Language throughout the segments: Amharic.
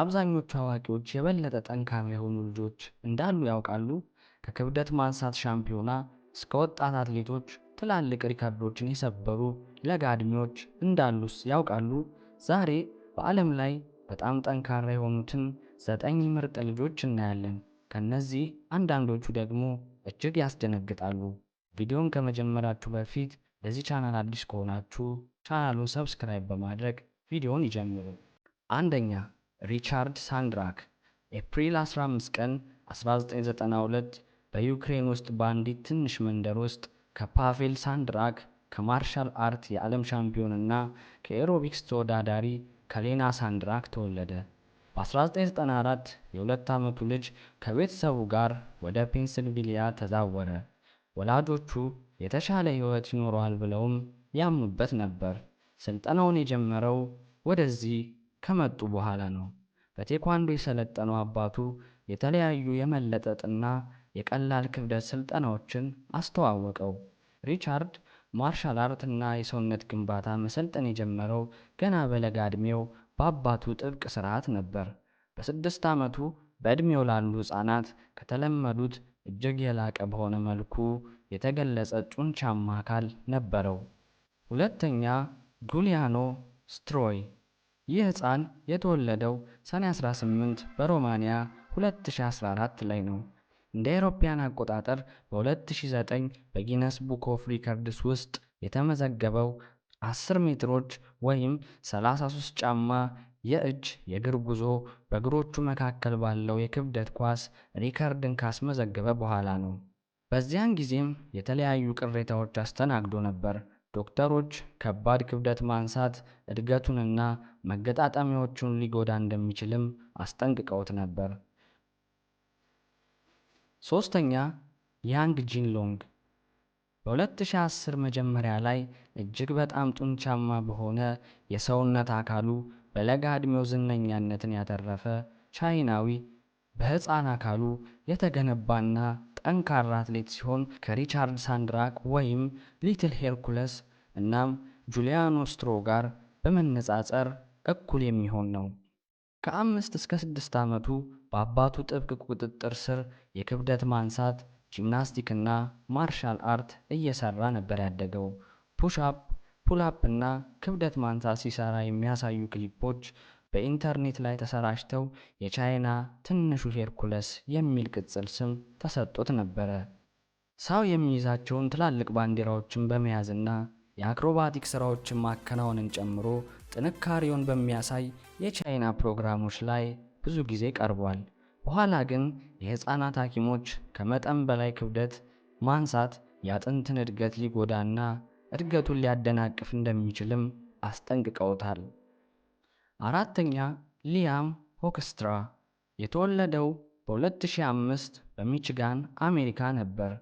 አብዛኞቹ አዋቂዎች የበለጠ ጠንካራ የሆኑ ልጆች እንዳሉ ያውቃሉ? ከክብደት ማንሳት ሻምፒዮና እስከ ወጣት አትሌቶች ትላልቅ ሪከርዶችን የሰበሩ ለጋ ዕድሜዎች እንዳሉስ ያውቃሉ? ዛሬ በዓለም ላይ በጣም ጠንካራ የሆኑትን ዘጠኝ ምርጥ ልጆች እናያለን። ከእነዚህ አንዳንዶቹ ደግሞ እጅግ ያስደነግጣሉ። ቪዲዮን ከመጀመራችሁ በፊት ለዚህ ቻናል አዲስ ከሆናችሁ ቻናሉን ሰብስክራይብ በማድረግ ቪዲዮውን ይጀምሩ። አንደኛ ሪቻርድ ሳንድራክ ኤፕሪል 15 ቀን 1992 በዩክሬን ውስጥ በአንዲት ትንሽ መንደር ውስጥ ከፓቬል ሳንድራክ ከማርሻል አርት የዓለም ሻምፒዮን እና ከኤሮቢክስ ተወዳዳሪ ከሌና ሳንድራክ ተወለደ። በ1994 የሁለት ዓመቱ ልጅ ከቤተሰቡ ጋር ወደ ፔንስልቪሊያ ተዛወረ። ወላጆቹ የተሻለ ሕይወት ይኖረዋል ብለውም ያምኑበት ነበር። ስልጠናውን የጀመረው ወደዚህ ከመጡ በኋላ ነው። በቴኳንዶ የሰለጠነው አባቱ የተለያዩ የመለጠጥና የቀላል ክብደት ስልጠናዎችን አስተዋወቀው። ሪቻርድ ማርሻል አርትና የሰውነት ግንባታ መሰልጠን የጀመረው ገና በለጋ ዕድሜው በአባቱ ጥብቅ ስርዓት ነበር። በስድስት ዓመቱ በዕድሜው ላሉ ሕፃናት ከተለመዱት እጅግ የላቀ በሆነ መልኩ የተገለጸ ጡንቻማ አካል ነበረው። ሁለተኛ፣ ጉሊያኖ ስትሮይ ይህ ህፃን የተወለደው ሰኔ 18 በሮማንያ 2014 ላይ ነው። እንደ አውሮፓውያን አቆጣጠር በ2009 በጊነስ ቡክ ኦፍ ሪከርድስ ውስጥ የተመዘገበው 10 ሜትሮች ወይም 33 ጫማ የእጅ የእግር ጉዞ በእግሮቹ መካከል ባለው የክብደት ኳስ ሪከርድን ካስመዘገበ በኋላ ነው። በዚያን ጊዜም የተለያዩ ቅሬታዎች አስተናግዶ ነበር። ዶክተሮች ከባድ ክብደት ማንሳት እድገቱንና መገጣጠሚያዎቹን ሊጎዳ እንደሚችልም አስጠንቅቀውት ነበር። ሶስተኛ ያንግ ጂንሎንግ በ2010 መጀመሪያ ላይ እጅግ በጣም ጡንቻማ በሆነ የሰውነት አካሉ በለጋ ዕድሜው ዝነኛነትን ያተረፈ ቻይናዊ በሕፃን አካሉ የተገነባና ጠንካራ አትሌት ሲሆን ከሪቻርድ ሳንድራክ ወይም ሊትል ሄርኩለስ እናም ጁሊያኖ ስትሮ ጋር በመነጻጸር እኩል የሚሆን ነው። ከአምስት እስከ ስድስት ዓመቱ በአባቱ ጥብቅ ቁጥጥር ስር የክብደት ማንሳት፣ ጂምናስቲክና ማርሻል አርት እየሰራ ነበር ያደገው። ፑሽ አፕ፣ ፑል እና ክብደት ማንሳት ሲሰራ የሚያሳዩ ክሊፖች በኢንተርኔት ላይ ተሰራጭተው የቻይና ትንሹ ሄርኩለስ የሚል ቅጽል ስም ተሰጥቶት ነበረ። ሰው የሚይዛቸውን ትላልቅ ባንዲራዎችን በመያዝና የአክሮባቲክ ስራዎችን ማከናወንን ጨምሮ ጥንካሬውን በሚያሳይ የቻይና ፕሮግራሞች ላይ ብዙ ጊዜ ቀርቧል። በኋላ ግን የሕፃናት ሐኪሞች ከመጠን በላይ ክብደት ማንሳት የአጥንትን እድገት ሊጎዳና እድገቱን ሊያደናቅፍ እንደሚችልም አስጠንቅቀውታል። አራተኛ ሊያም ሆክስትራ የተወለደው በ2005 በሚችጋን አሜሪካ ነበር።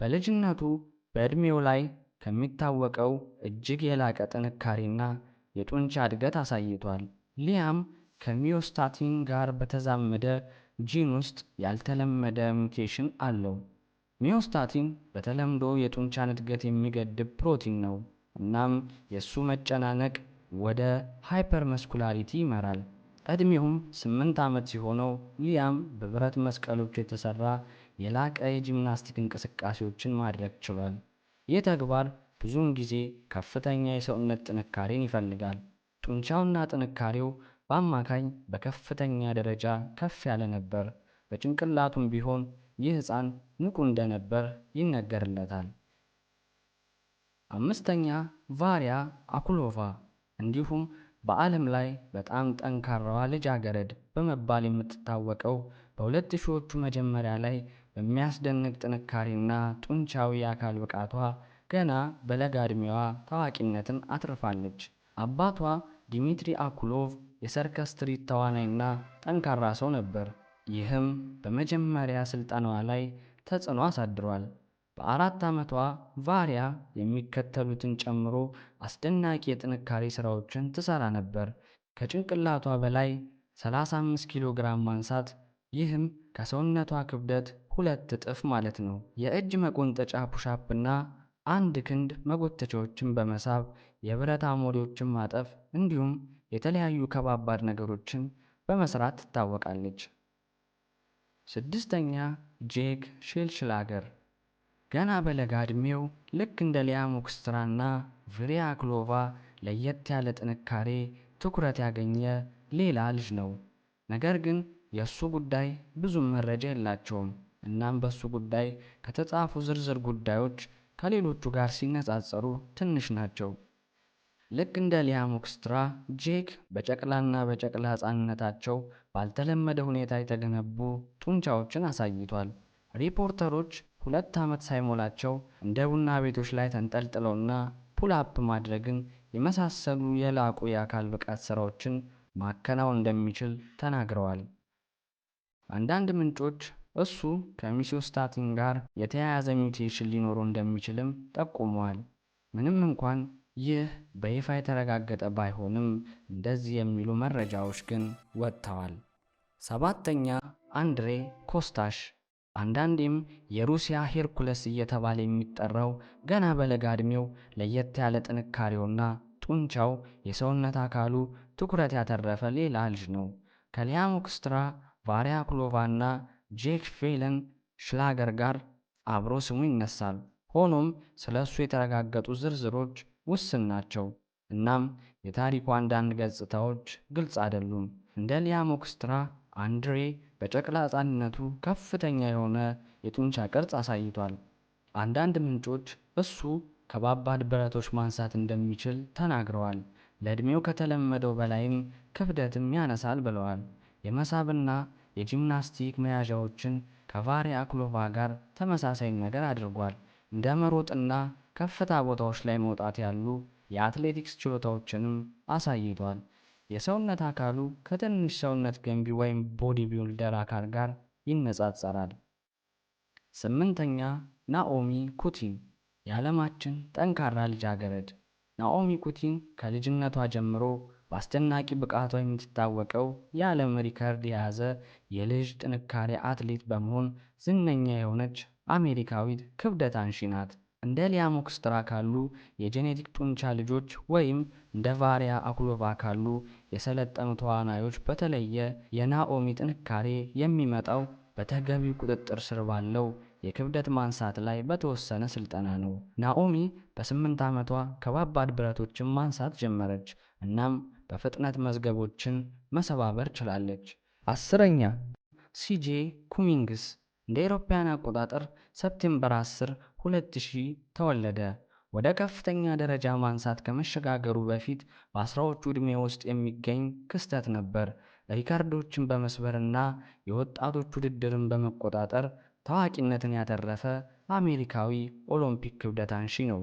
በልጅነቱ በዕድሜው ላይ ከሚታወቀው እጅግ የላቀ ጥንካሬና የጡንቻ እድገት አሳይቷል። ሊያም ከሚዮስታቲን ጋር በተዛመደ ጂን ውስጥ ያልተለመደ ሚውቴሽን አለው። ሚዮስታቲን በተለምዶ የጡንቻን እድገት የሚገድብ ፕሮቲን ነው። እናም የእሱ መጨናነቅ ወደ ሃይፐርመስኩላሪቲ ይመራል። ዕድሜውም ስምንት ዓመት ሲሆነው ሊያም በብረት መስቀሎች የተሰራ የላቀ የጂምናስቲክ እንቅስቃሴዎችን ማድረግ ችሏል። ይህ ተግባር ብዙውን ጊዜ ከፍተኛ የሰውነት ጥንካሬን ይፈልጋል። ጡንቻውና ጥንካሬው በአማካኝ በከፍተኛ ደረጃ ከፍ ያለ ነበር። በጭንቅላቱም ቢሆን ይህ ህፃን ንቁ እንደነበር ይነገርለታል። አምስተኛ ቫሪያ አኩሎቫ እንዲሁም በአለም ላይ በጣም ጠንካራዋ ልጃገረድ በመባል የምትታወቀው በሁለት ሺዎቹ መጀመሪያ ላይ በሚያስደንቅ ጥንካሬና ጡንቻዊ የአካል ብቃቷ ገና በለጋ ዕድሜዋ ታዋቂነትን አትርፋለች። አባቷ ዲሚትሪ አኩሎቭ የሰርከስ ትርኢት ተዋናይና ጠንካራ ሰው ነበር። ይህም በመጀመሪያ ስልጠናዋ ላይ ተጽዕኖ አሳድሯል። በአራት ዓመቷ ቫሪያ የሚከተሉትን ጨምሮ አስደናቂ የጥንካሬ ሥራዎችን ትሠራ ነበር። ከጭንቅላቷ በላይ 35 ኪሎ ግራም ማንሳት፣ ይህም ከሰውነቷ ክብደት ሁለት እጥፍ ማለት ነው። የእጅ መቆንጠጫ ፑሽ አፕ አንድ ክንድ መጎተቻዎችን በመሳብ የብረት አሞሌዎችን ማጠፍ እንዲሁም የተለያዩ ከባባድ ነገሮችን በመስራት ትታወቃለች። ስድስተኛ ጄክ ሼልሽላገር ገና በለጋ ዕድሜው ልክ እንደ ሊያ ሞክስትራና ቪሪያ ክሎቫ ለየት ያለ ጥንካሬ፣ ትኩረት ያገኘ ሌላ ልጅ ነው። ነገር ግን የእሱ ጉዳይ ብዙም መረጃ የላቸውም እናም በሱ ጉዳይ ከተጻፉ ዝርዝር ጉዳዮች ከሌሎቹ ጋር ሲነጻጸሩ ትንሽ ናቸው። ልክ እንደ ኦክስትራ ጄክ በጨቅላና በጨቅላ ህፃንነታቸው ባልተለመደ ሁኔታ የተገነቡ ጡንቻዎችን አሳይቷል። ሪፖርተሮች ሁለት ዓመት ሳይሞላቸው እንደ ቡና ቤቶች ላይ ተንጠልጥለውና ፑል አፕ ማድረግን የመሳሰሉ የላቁ የአካል ብቃት ሥራዎችን ማከናወን እንደሚችል ተናግረዋል። አንዳንድ ምንጮች እሱ ስታቲን ጋር የተያያዘ ሚውቴሽን ሊኖረው እንደሚችልም ጠቁመዋል። ምንም እንኳን ይህ በይፋ የተረጋገጠ ባይሆንም እንደዚህ የሚሉ መረጃዎች ግን ወጥተዋል። ሰባተኛ አንድሬ ኮስታሽ አንዳንዴም የሩሲያ ሄርኩለስ እየተባለ የሚጠራው ገና በለጋ ዕድሜው ለየት ያለ ጥንካሬውና ጡንቻው የሰውነት አካሉ ትኩረት ያተረፈ ሌላ ልጅ ነው። ከሊያም ኦክስትራ ቫሪያክሎቫና ጄክ ፌለን ሽላገር ጋር አብሮ ስሙ ይነሳል። ሆኖም ስለ እሱ የተረጋገጡ ዝርዝሮች ውስን ናቸው፣ እናም የታሪኩ አንዳንድ ገጽታዎች ግልጽ አይደሉም። እንደ ሊያ ሞክስትራ፣ አንድሬ በጨቅላ ሕፃንነቱ ከፍተኛ የሆነ የጡንቻ ቅርጽ አሳይቷል። አንዳንድ ምንጮች እሱ ከባባድ ብረቶች ማንሳት እንደሚችል ተናግረዋል፣ ለዕድሜው ከተለመደው በላይም ክብደትም ያነሳል ብለዋል። የመሳብና የጂምናስቲክ መያዣዎችን ከቫሪ አክሎቫ ጋር ተመሳሳይ ነገር አድርጓል። እንደ መሮጥና ከፍታ ቦታዎች ላይ መውጣት ያሉ የአትሌቲክስ ችሎታዎችንም አሳይቷል። የሰውነት አካሉ ከትንሽ ሰውነት ገንቢ ወይም ቦዲ ቢውልደር አካል ጋር ይነጻጸራል። ስምንተኛ ናኦሚ ኩቲን የዓለማችን ጠንካራ ልጃገረድ ናኦሚ ኩቲን ከልጅነቷ ጀምሮ በአስደናቂ ብቃቷ የምትታወቀው የዓለም ሪከርድ የያዘ የልጅ ጥንካሬ አትሌት በመሆን ዝነኛ የሆነች አሜሪካዊት ክብደት አንሺ ናት። እንደ ሊያ ሞክስትራ ካሉ የጄኔቲክ ጡንቻ ልጆች ወይም እንደ ቫሪያ አኩሎቫ ካሉ የሰለጠኑ ተዋናዮች በተለየ የናኦሚ ጥንካሬ የሚመጣው በተገቢ ቁጥጥር ስር ባለው የክብደት ማንሳት ላይ በተወሰነ ስልጠና ነው። ናኦሚ በስምንት ዓመቷ ከባባድ ብረቶችን ማንሳት ጀመረች። እናም በፍጥነት መዝገቦችን መሰባበር ችላለች። አስረኛ ሲጄ ኩሚንግስ እንደ አውሮፓውያን አቆጣጠር ሰፕቴምበር 10 2000 ተወለደ። ወደ ከፍተኛ ደረጃ ማንሳት ከመሸጋገሩ በፊት በአስራዎቹ ዕድሜ ውስጥ የሚገኝ ክስተት ነበር። ሪካርዶችን በመስበርና የወጣቶች ውድድርን በመቆጣጠር ታዋቂነትን ያተረፈ አሜሪካዊ ኦሎምፒክ ክብደት አንሺ ነው።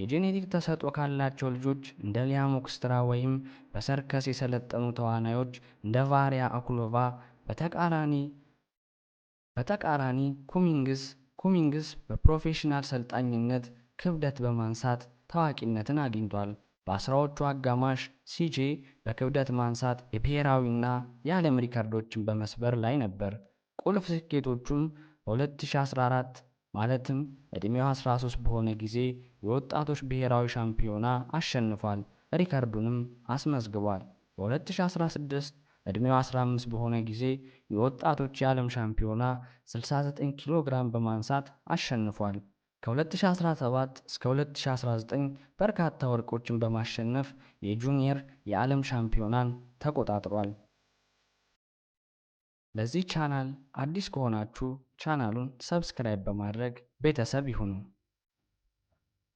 የጄኔቲክ ተሰጥኦ ካላቸው ልጆች እንደ ሊያም ኦክስትራ ወይም በሰርከስ የሰለጠኑ ተዋናዮች እንደ ቫሪያ አኩሎቫ በተቃራኒ በተቃራኒ ኩሚንግስ ኩሚንግስ በፕሮፌሽናል ሰልጣኝነት ክብደት በማንሳት ታዋቂነትን አግኝቷል። በአስራዎቹ አጋማሽ ሲጄ በክብደት ማንሳት የብሔራዊና የዓለም ሪከርዶችን በመስበር ላይ ነበር። ቁልፍ ስኬቶቹም በ2014 ማለትም እድሜው 13 በሆነ ጊዜ የወጣቶች ብሔራዊ ሻምፒዮና አሸንፏል ሪከርዱንም አስመዝግቧል። በ2016 እድሜው 15 በሆነ ጊዜ የወጣቶች የዓለም ሻምፒዮና 69 ኪሎ ግራም በማንሳት አሸንፏል። ከ2017 እስከ 2019 በርካታ ወርቆችን በማሸነፍ የጁኒየር የዓለም ሻምፒዮናን ተቆጣጥሯል። ለዚህ ቻናል አዲስ ከሆናችሁ ቻናሉን ሰብስክራይብ በማድረግ ቤተሰብ ይሁኑ